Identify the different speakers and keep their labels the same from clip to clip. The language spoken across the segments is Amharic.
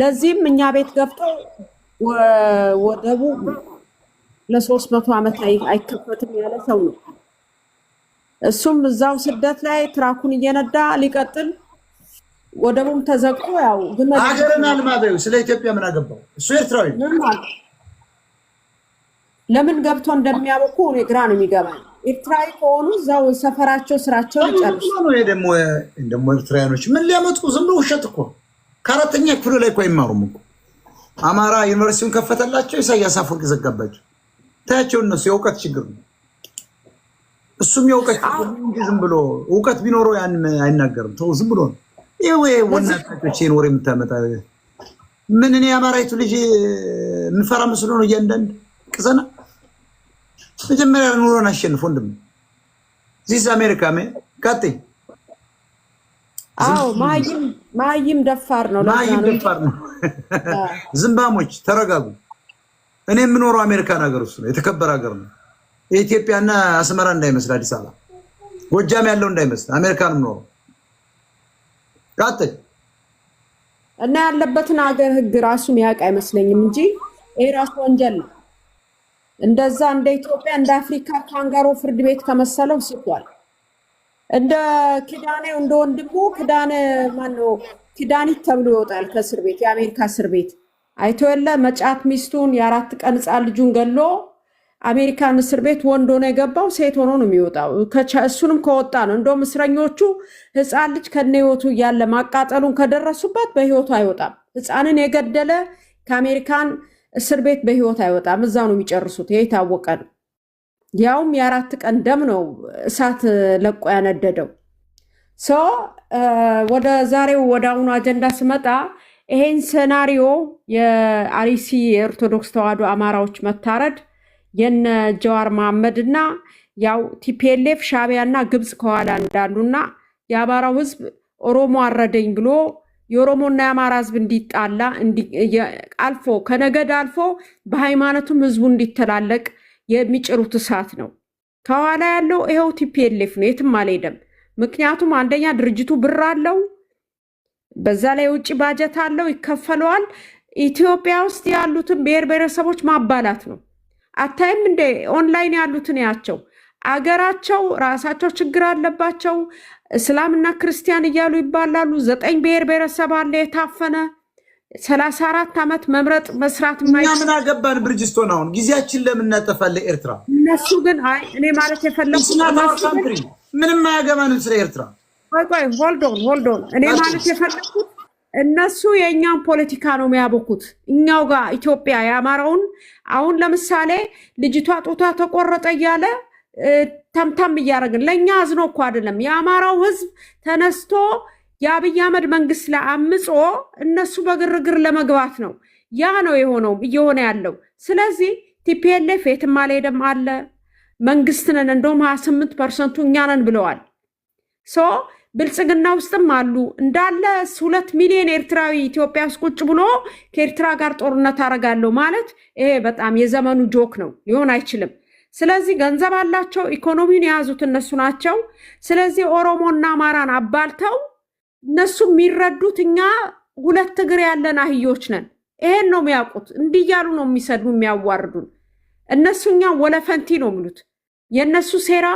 Speaker 1: ለዚህም እኛ ቤት ገብተው ወደቡ ለሶስት መቶ ዓመት አይከፈትም ያለ ሰው ነው። እሱም እዛው ስደት ላይ ትራኩን እየነዳ ሊቀጥል ወደቡም ተዘግቶ ያው
Speaker 2: ሀገርና ልማበዩ ስለ ኢትዮጵያ ምን አገባው? እሱ ኤርትራዊ
Speaker 1: ለምን ገብቶ እንደሚያበኩ እኔ ግራ ነው የሚገባ። ኤርትራዊ ከሆኑ እዛው ሰፈራቸው ስራቸው
Speaker 2: ይጨርሱ። ይሄ ደግሞ ደግሞ ኤርትራውያኖች ምን ሊያመጡ ዝም ብሎ ውሸት እኮ ከአራተኛ ክፍል ላይ እኮ አይማሩም እኮ አማራ ዩኒቨርሲቲውን ከፈተላቸው፣ ኢሳያስ አፈወርቂ ዘጋባቸው። ታያቸው እነሱ የእውቀት ችግር ነው። እሱም የእውቀት ችግር ዝም ብሎ እውቀት ቢኖረው ያን አይናገርም። ተው ዝም ብሎ ነው። ይሄ ወናቶችን ወሬ የምታመጣ ምን እኔ የአማራዊቱ ልጅ የምፈራ መስሎ ነው። እያንዳንድ ቅዘና መጀመሪያ ኑሮን አሸንፎ ወንድም ዚስ አሜሪካ ጋጤ
Speaker 1: አዎ ማይም ደፋር ነው።
Speaker 2: ማይም ደፋር ነው። ዝምባሞች ተረጋጉ። እኔ የምኖረው አሜሪካን ሀገር ውስጥ ነው። የተከበረ ሀገር ነው። የኢትዮጵያና አስመራ እንዳይመስል፣ አዲስ አበባ ጎጃም ያለው እንዳይመስል፣ አሜሪካን ኖሮ ቀጥል
Speaker 1: እና ያለበትን ሀገር ህግ ራሱ ሚያውቅ አይመስለኝም እንጂ ይህ ራሱ ወንጀል ነው። እንደዛ እንደ ኢትዮጵያ እንደ አፍሪካ ካንጋሮ ፍርድ ቤት ከመሰለው ስቷል። እንደ ኪዳኔው እንደ ወንድሙ ኪዳን ማነው ኪዳኒት ተብሎ ይወጣል ከእስር ቤት የአሜሪካ እስር ቤት አይቶ የለ መጫት ሚስቱን የአራት ቀን ህፃን ልጁን ገሎ አሜሪካን እስር ቤት ወንድ ሆኖ የገባው ሴት ሆኖ ነው የሚወጣው። እሱንም ከወጣ ነው እንደውም እስረኞቹ ህፃን ልጅ ከነ ህይወቱ እያለ ማቃጠሉን ከደረሱበት በህይወቱ አይወጣም። ህፃንን የገደለ ከአሜሪካን እስር ቤት በህይወት አይወጣም። እዛ ነው የሚጨርሱት። ይህ የታወቀ ነው። ያውም የአራት ቀን ደም ነው እሳት ለቆ ያነደደው። ሶ ወደ ዛሬው ወደ አሁኑ አጀንዳ ስመጣ ይሄን ሴናሪዮ የአሪሲ የኦርቶዶክስ ተዋህዶ አማራዎች መታረድ የነ ጀዋር መሐመድ እና ያው ቲፒኤልኤፍ ሻቢያና ግብፅ ከኋላ እንዳሉና የአማራው ህዝብ ኦሮሞ አረደኝ ብሎ የኦሮሞና የአማራ ህዝብ እንዲጣላ አልፎ ከነገድ አልፎ በሃይማኖቱም ህዝቡ እንዲተላለቅ የሚጭሩት እሳት ነው። ከኋላ ያለው ይኸው ቲፒኤልኤፍ ነው። የትም አልሄደም። ምክንያቱም አንደኛ ድርጅቱ ብር አለው፣ በዛ ላይ የውጭ ባጀት አለው፣ ይከፈለዋል። ኢትዮጵያ ውስጥ ያሉትን ብሔር ብሔረሰቦች ማባላት ነው። አታይም እንደ ኦንላይን ያሉትን ያቸው አገራቸው ራሳቸው ችግር አለባቸው። እስላምና ክርስቲያን እያሉ ይባላሉ። ዘጠኝ ብሔር ብሔረሰብ አለ የታፈነ ሰላሳ አራት ዓመት መምረጥ መስራት
Speaker 2: እኛ ምን አገባን? ብርጅስቶን አሁን ጊዜያችን ለምን እናጠፋለን? ኤርትራ
Speaker 1: እነሱ ግን አይ እኔ ማለት
Speaker 2: የፈለኩት ምንም አያገባንም ስለ ኤርትራ።
Speaker 1: ቆይ ቆይ ሆልዶን ሆልዶን እኔ ማለት የፈለኩት እነሱ የእኛን ፖለቲካ ነው የሚያበኩት። እኛው ጋር ኢትዮጵያ ያማረውን አሁን ለምሳሌ ልጅቷ ጡቷ ተቆረጠ እያለ ተምተም እያደረግን ለእኛ አዝኖ እኮ አይደለም የአማራው ህዝብ ተነስቶ የአብይ አህመድ መንግስት ላይ አምጾ እነሱ በግርግር ለመግባት ነው። ያ ነው የሆነውም እየሆነ ያለው። ስለዚህ ቲፒኤልኤፍ የትም አልሄደም አለ መንግስት ነን እንደውም ሀያ ስምንት ፐርሰንቱ እኛ ነን ብለዋል። ሶ ብልጽግና ውስጥም አሉ እንዳለ ሁለት ሚሊዮን ኤርትራዊ ኢትዮጵያ ውስጥ ቁጭ ብሎ ከኤርትራ ጋር ጦርነት አደርጋለሁ ማለት ይሄ በጣም የዘመኑ ጆክ ነው፣ ሊሆን አይችልም። ስለዚህ ገንዘብ አላቸው፣ ኢኮኖሚውን የያዙት እነሱ ናቸው። ስለዚህ ኦሮሞና አማራን አባልተው እነሱ የሚረዱት እኛ ሁለት እግር ያለን አህዮች ነን። ይሄን ነው የሚያውቁት። እንዲህ እያሉ ነው የሚሰዱ የሚያዋርዱን። እነሱ እኛ ወለፈንቲ ነው የሚሉት። የእነሱ ሴራ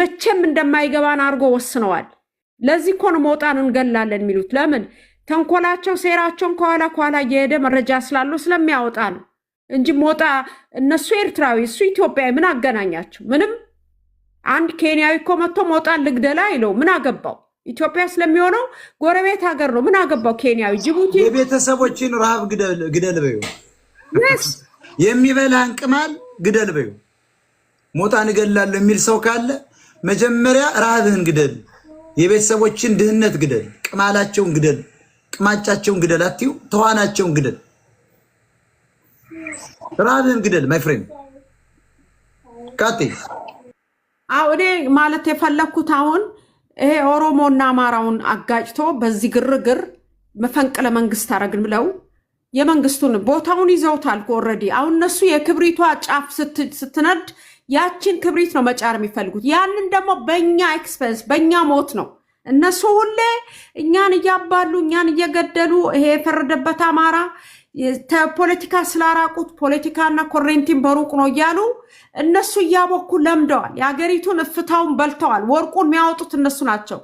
Speaker 1: መቼም እንደማይገባን አድርጎ ወስነዋል። ለዚህ እኮ ነው እንገላለን የሚሉት። ለምን ተንኮላቸው፣ ሴራቸውን ከኋላ ከኋላ እየሄደ መረጃ ስላለው ስለሚያወጣ ነው እንጂ ሞጣ እነሱ ኤርትራዊ እሱ ኢትዮጵያዊ ምን አገናኛቸው? ምንም አንድ ኬንያዊ እኮ መጥቶ ሞጣን ልግደላ አይለው ምን አገባው? ኢትዮጵያ ስለሚሆነው ጎረቤት ሀገር ነው። ምን አገባው ኬንያዊ፣ ጅቡቲ
Speaker 2: የቤተሰቦችን ረሃብ ግደል በዩ የሚበላህን ቅማል ግደል በዩ ሞጣን እገላለሁ የሚል ሰው ካለ መጀመሪያ ረሃብህን ግደል፣ የቤተሰቦችን ድህነት ግደል፣ ቅማላቸውን ግደል፣ ቅማጫቸውን ግደል፣ አትዩ ተዋናቸውን ግደል፣ ረሃብህን ግደል። ማይ ፍሬንድ ካቴ
Speaker 1: እኔ ማለት የፈለግኩት አሁን ይሄ ኦሮሞና አማራውን አጋጭቶ በዚህ ግርግር መፈንቅለ መንግስት አረግን ብለው የመንግስቱን ቦታውን ይዘውታል። ኦልሬዲ አሁን እነሱ የክብሪቷ ጫፍ ስትነድ ያችን ክብሪት ነው መጫር የሚፈልጉት። ያንን ደግሞ በእኛ ኤክስፐንስ በእኛ ሞት ነው እነሱ ሁሌ እኛን እያባሉ እኛን እየገደሉ ይሄ የፈረደበት አማራ ፖለቲካ ስላራቁት ፖለቲካና ኮሬንቲን በሩቅ ነው እያሉ እነሱ እያቦኩ ለምደዋል። የሀገሪቱን እፍታውን በልተዋል። ወርቁን የሚያወጡት እነሱ ናቸው።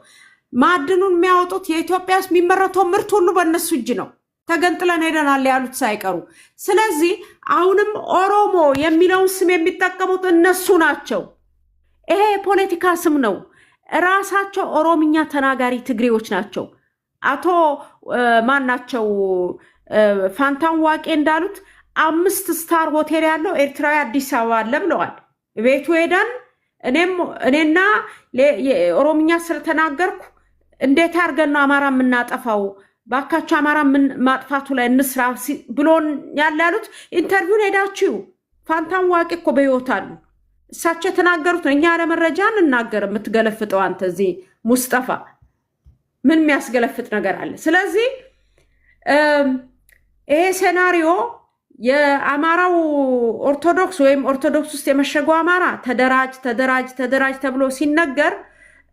Speaker 1: ማዕድኑን የሚያወጡት የኢትዮጵያ ውስጥ የሚመረተው ምርት ሁሉ በእነሱ እጅ ነው። ተገንጥለን ሄደናል ያሉት ሳይቀሩ። ስለዚህ አሁንም ኦሮሞ የሚለውን ስም የሚጠቀሙት እነሱ ናቸው። ይሄ የፖለቲካ ስም ነው። ራሳቸው ኦሮምኛ ተናጋሪ ትግሬዎች ናቸው። አቶ ማናቸው ፋንታን ዋቄ እንዳሉት አምስት ስታር ሆቴል ያለው ኤርትራዊ አዲስ አበባ አለ ብለዋል። ቤቱ ሄደን እኔና ኦሮምኛ ስለተናገርኩ እንዴት አድርገን ነው አማራ የምናጠፋው? ባካቸው አማራ ማጥፋቱ ላይ እንስራ ብሎን ያለ ያሉት ኢንተርቪውን ሄዳችሁ ፋንታን ዋቄ እኮ በህይወት አሉ። እሳቸው የተናገሩት ነው። እኛ ለመረጃ እንናገር። የምትገለፍጠው አንተ እዚህ ሙስጠፋ ምን የሚያስገለፍጥ ነገር አለ? ስለዚህ ይሄ ሴናሪዮ የአማራው ኦርቶዶክስ ወይም ኦርቶዶክስ ውስጥ የመሸገው አማራ ተደራጅ ተደራጅ ተደራጅ ተብሎ ሲነገር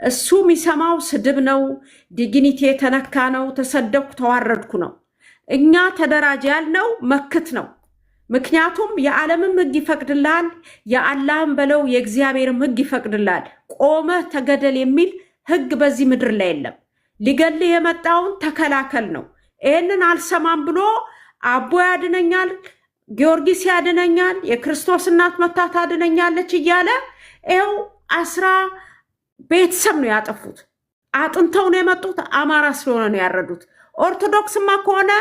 Speaker 1: እሱ የሚሰማው ስድብ ነው። ዲግኒቲ የተነካ ነው። ተሰደብኩ፣ ተዋረድኩ ነው። እኛ ተደራጅ ያልነው መክት ነው። ምክንያቱም የዓለምም ህግ ይፈቅድልሃል፣ የአላህም በለው የእግዚአብሔርም ህግ ይፈቅድልሃል። ቆመህ ተገደል የሚል ህግ በዚህ ምድር ላይ የለም። ሊገልህ የመጣውን ተከላከል ነው። ይህንን አልሰማም ብሎ አቦ ያድነኛል፣ ጊዮርጊስ ያድነኛል፣ የክርስቶስ እናት መታ ታድነኛለች እያለ ይኸው አስራ ቤተሰብ ነው ያጠፉት። አጥንተው ነው የመጡት። አማራ ስለሆነ ነው ያረዱት። ኦርቶዶክስማ ከሆነ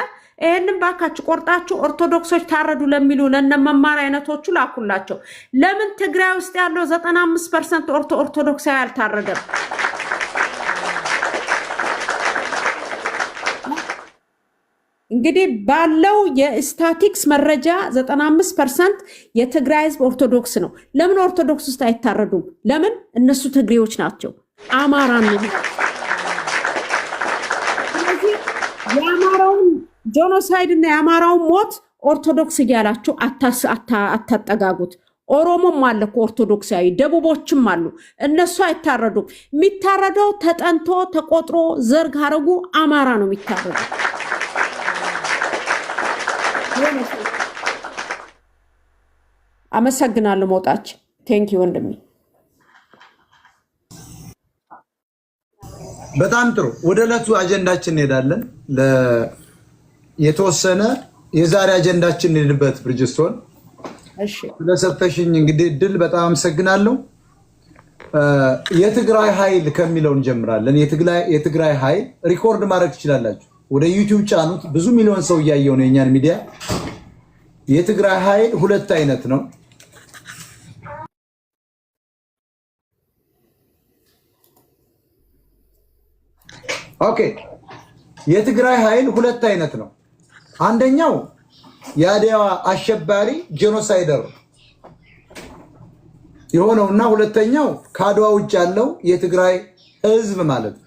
Speaker 1: ይህንም ባካችሁ ቆርጣችሁ ኦርቶዶክሶች ታረዱ ለሚሉ ለነ መማር አይነቶቹ ላኩላቸው። ለምን ትግራይ ውስጥ ያለው ዘጠና አምስት ፐርሰንት ኦርቶዶክሳዊ አልታረደም? እንግዲህ ባለው የስታቲክስ መረጃ 95 ፐርሰንት የትግራይ ህዝብ ኦርቶዶክስ ነው። ለምን ኦርቶዶክስ ውስጥ አይታረዱም? ለምን እነሱ ትግሬዎች ናቸው። አማራ ነው። ጆኖሳይድ እና የአማራውን ሞት ኦርቶዶክስ እያላችሁ አታጠጋጉት። ኦሮሞም አለ እኮ ኦርቶዶክሳዊ፣ ደቡቦችም አሉ። እነሱ አይታረዱም። የሚታረደው ተጠንቶ ተቆጥሮ ዘር ሀረጉ አማራ ነው የሚታረደው። አመሰግናለሁ። መውጣች ቴንኪ ወንድሜ።
Speaker 2: በጣም ጥሩ። ወደ ዕለቱ አጀንዳችን እንሄዳለን። የተወሰነ የዛሬ አጀንዳችን እንድንበት ብርጅስቶን ስለሰጠሽኝ እንግዲህ እድል በጣም አመሰግናለሁ። የትግራይ ኃይል ከሚለው እንጀምራለን። የትግራይ ኃይል ሪኮርድ ማድረግ ትችላላችሁ። ወደ ዩቲዩብ ጫኑት። ብዙ ሚሊዮን ሰው እያየው ነው የኛን ሚዲያ። የትግራይ ኃይል ሁለት አይነት ነው። ኦኬ የትግራይ ኃይል ሁለት አይነት ነው። አንደኛው የአድዋ አሸባሪ ጄኖሳይደር የሆነው እና ሁለተኛው ከአድዋ ውጭ ያለው የትግራይ ህዝብ ማለት ነው።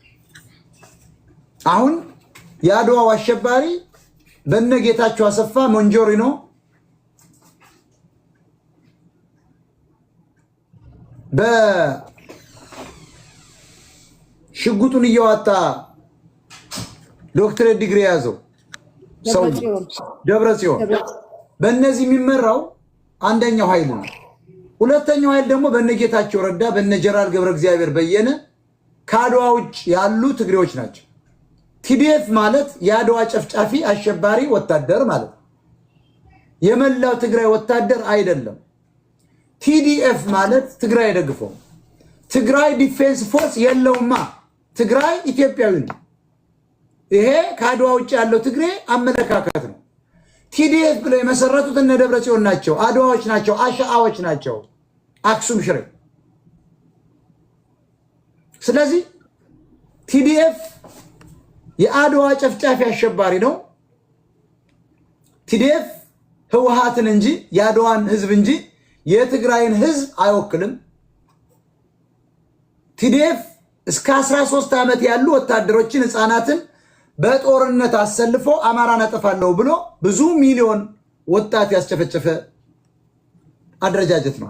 Speaker 2: አሁን የአድዋው አሸባሪ ጌታቸው አሰፋ ሞንጆሪኖ በሽጉጡን እያዋጣ ዶክትሬት ዲግሪ የያዘው ሰው ደብረ ጽዮን በእነዚህ የሚመራው አንደኛው ኃይል ነው። ሁለተኛው ኃይል ደግሞ በነጌታቸው ረዳ በነጀራል ገብረ እግዚአብሔር በየነ ከአድዋ ውጭ ያሉ ትግሬዎች ናቸው። ቲዲኤፍ ማለት የአድዋ ጨፍጫፊ አሸባሪ ወታደር ማለት ነው። የመላው ትግራይ ወታደር አይደለም። ቲዲኤፍ ማለት ትግራይ አይደግፈውም። ትግራይ ዲፌንስ ፎርስ የለውማ። ትግራይ ኢትዮጵያዊ ነው። ይሄ ከአድዋ ውጭ ያለው ትግሬ አመለካከት ነው። ቲዲኤፍ ብለው የመሰረቱት እነ ደብረ ጽዮን ናቸው። አድዋዎች ናቸው። አሸአዎች ናቸው። አክሱም ሽሬ። ስለዚህ ቲዲኤፍ የአድዋ ጨፍጫፊ አሸባሪ ነው። ቲዲኤፍ ህወሀትን እንጂ የአድዋን ህዝብ እንጂ የትግራይን ህዝብ አይወክልም። ቲዲኤፍ እስከ 13 ዓመት ያሉ ወታደሮችን ህፃናትን በጦርነት አሰልፎ አማራን አጠፋለሁ ብሎ ብዙ ሚሊዮን ወጣት ያስጨፈጨፈ አደረጃጀት ነው።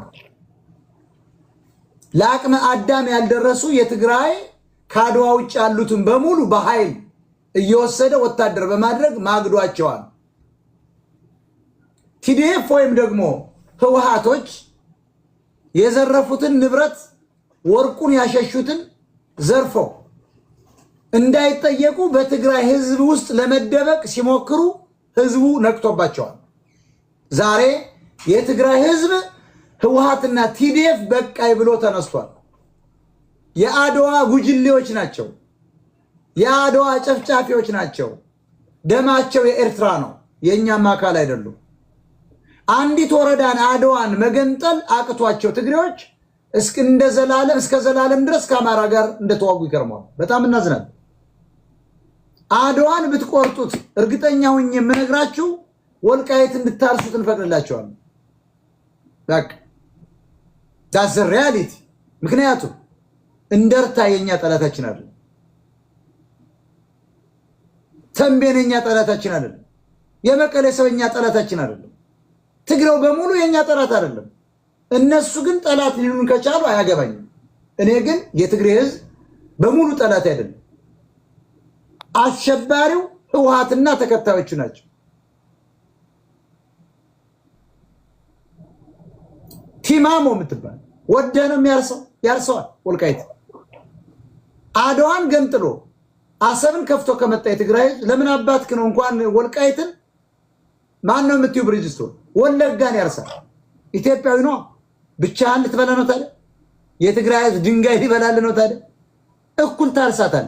Speaker 2: ለአቅመ አዳም ያልደረሱ የትግራይ ከአድዋ ውጭ ያሉትን በሙሉ በኃይል እየወሰደ ወታደር በማድረግ ማግዷቸዋል። ቲዲኤፍ ወይም ደግሞ ህወሓቶች የዘረፉትን ንብረት ወርቁን ያሸሹትን ዘርፈው እንዳይጠየቁ በትግራይ ህዝብ ውስጥ ለመደበቅ ሲሞክሩ ህዝቡ ነቅቶባቸዋል። ዛሬ የትግራይ ህዝብ ህወሀትና ቲዲኤፍ በቃይ ብሎ ተነስቷል። የአድዋ ጉጅሌዎች ናቸው። የአድዋ ጨፍጫፊዎች ናቸው። ደማቸው የኤርትራ ነው፣ የእኛም አካል አይደሉም። አንዲት ወረዳን አድዋን መገንጠል አቅቷቸው ትግሬዎች እንደ ዘላለም እስከ ዘላለም ድረስ ከአማራ ጋር እንደተዋጉ ይከርመዋል። በጣም እናዝናለን። አድዋን ብትቆርጡት እርግጠኛ ሁኝ የምነግራችሁ ወልቃየት እንድታርሱት እንፈቅድላቸዋለን። በቃ ዳዘ ሪያሊቲ። ምክንያቱም እንደርታ የኛ ጠላታችን አይደለም፣ ተንቤን የኛ ጠላታችን አይደለም፣ የመቀሌ ሰው የኛ ጠላታችን አይደለም፣ ትግሬው በሙሉ የኛ ጠላት አይደለም። እነሱ ግን ጠላት ሊሉን ከቻሉ አያገባኝም። እኔ ግን የትግሬ ህዝብ በሙሉ ጠላት አይደለም። አሸባሪው ህወሓትና ተከታዮቹ ናቸው። ቲማሞ የምትባል ወደ ነው የሚያርሰው፣ ያርሰዋል። ወልቃይት አድዋን ገንጥሎ አሰብን ከፍቶ ከመጣ የትግራይ ለምን አባትክ ነው እንኳን ወልቃይትን ማን ነው የምትዩ? ብርጅስቶን ወለጋን ያርሳል። ኢትዮጵያዊ ነው። ብቻህን ልትበላ ነው ታዲያ? የትግራይ ድንጋይ ሊበላል ነው ታዲያ? እኩል ታርሳታል።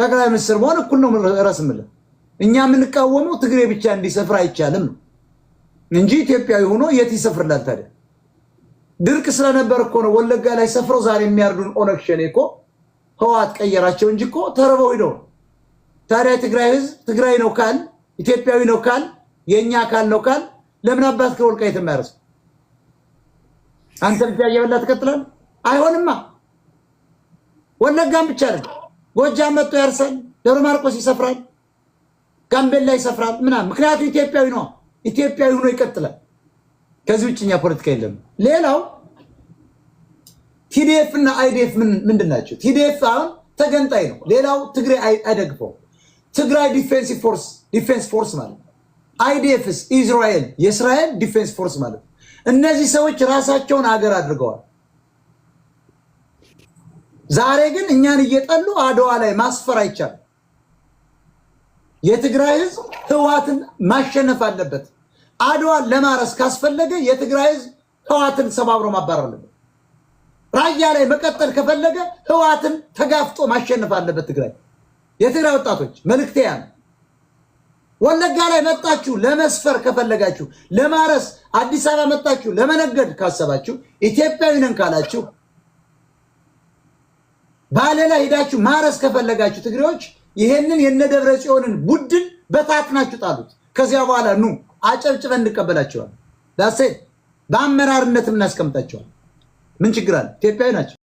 Speaker 2: ጠቅላይ ሚኒስትር መሆን እኩል ነው። ረስምልህ እኛ የምንቃወመው ትግሬ ብቻ እንዲሰፍር አይቻልም ነው እንጂ ኢትዮጵያዊ ሆኖ የት ይሰፍርላል ታዲያ? ድርቅ ስለነበር እኮ ነው ወለጋ ላይ ሰፍረው ዛሬ የሚያርዱን ኦነግ ሸኔ እኮ ህወሓት ቀየራቸው እንጂ እኮ ተርበው ሂደው ነው። ታዲያ ትግራይ ህዝብ ትግራይ ነው ካል ኢትዮጵያዊ ነው ካል የእኛ አካል ነው ካል ለምን አባት ከወልቃይት የማያርስ አንተ ብቻ እየበላ ትቀጥላል? አይሆንማ። ወለጋም ብቻ አይደለም ጎጃም መጥቶ ያርሳል፣ ደብረ ማርቆስ ይሰፍራል፣ ጋምቤላ ይሰፍራል ምናምን። ምክንያቱም ኢትዮጵያዊ ነው። ኢትዮጵያዊ ሆኖ ይቀጥላል። ከዚህ ውጭኛ ፖለቲካ የለም። ሌላው ቲዲኤፍ እና አይዲኤፍ ምንድን ናቸው? ቲዲኤፍ አሁን ተገንጣይ ነው። ሌላው ትግራይ አይደግፈው። ትግራይ ዲፌንሲቭ ፎርስ ዲፌንስ ፎርስ ማለት ነው። አይዲኤፍስ ኢዝራኤል የእስራኤል ዲፌንስ ፎርስ ማለት ነው። እነዚህ ሰዎች ራሳቸውን ሀገር አድርገዋል። ዛሬ ግን እኛን እየጠሉ አድዋ ላይ ማስፈር አይቻልም። የትግራይ ህዝብ ህዋትን ማሸነፍ አለበት። አድዋን ለማረስ ካስፈለገ የትግራይ ህዝብ ህዋትን ሰባብሮ ማባረር አለበት። ራያ ላይ መቀጠል ከፈለገ ህዋትን ተጋፍጦ ማሸነፍ አለበት። ትግራይ የትግራይ ወጣቶች መልእክቴ ያ ነው። ወለጋ ላይ መጣችሁ ለመስፈር ከፈለጋችሁ፣ ለማረስ አዲስ አበባ መጣችሁ ለመነገድ ካሰባችሁ፣ ኢትዮጵያዊ ነን ካላችሁ ባሌላ ሄዳችሁ ማረስ ከፈለጋችሁ ትግሬዎች ይሄንን ደብረ ጽዮንን ቡድን በታትናችሁ ጣሉት። ከዚያ በኋላ ኑ አጨብጭበን እንቀበላቸዋል። ዳሴ በአመራርነትም እናስቀምጣቸዋል። ምን ችግር አለ? ኢትዮጵያዊ ናቸው።